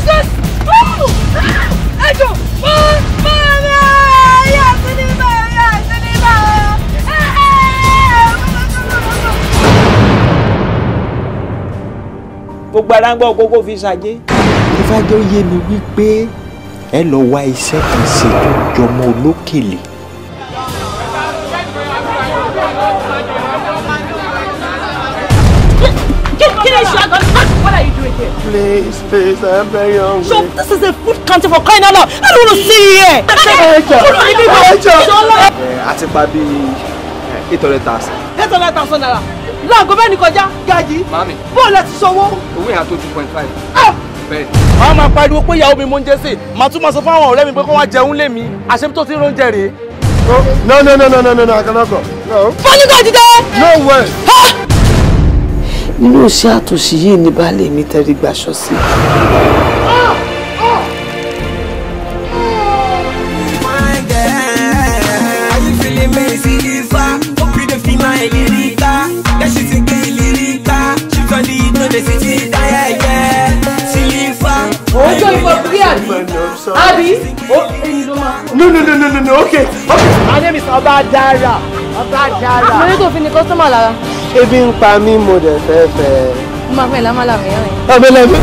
Jesus! Ẹjọ́ máa máa rẹ̀ ayé àti ní máa rẹ̀ àti ní máa rẹ̀. Gbogbo ara ń gbọ́ kókó fi ṣàjẹ́. Ifájọ́ yé mi wípé ẹ lọ wá iṣẹ́ kan ṣe jọmọ olókèlè. Please, please, I'm very hungry. Shop, this is a food country for crying out loud. I don't want to see you here. Àti eh, pa bí eh, eight hundred thousand. Eight hundred thousand naira. Láàgó bẹ́ẹ̀ ni kọjá. Gaji. Mami. Bọ́ọ̀lù ẹ Mami, sanwó. Owó yẹn á tó two point five. Ah. Màá máa pariwo pé ìyàwó mi mo ń jẹ́ sè. Màá tún máa sọ fún àwọn mi pé kó wá jẹun lé mi. Àṣẹ tó ti ń ronjẹ rèé. No, no, no, no, no, no, I cannot go. No. Fọ́nìkọ̀ jíjẹ. No way inú òsì àtòsí yìí ni baálé mi tẹrí gbaṣọ sí. ojú no no no no no okay okay. my name is Ọbadara Ọbadara. mo ní tòfin ni kọ́sọ́mà lára ebi ń pa mí mo dẹ̀ fẹ́ fẹ́. mo máa fẹ́ lámàlà mìíràn. ọbẹ̀ lẹ́mí.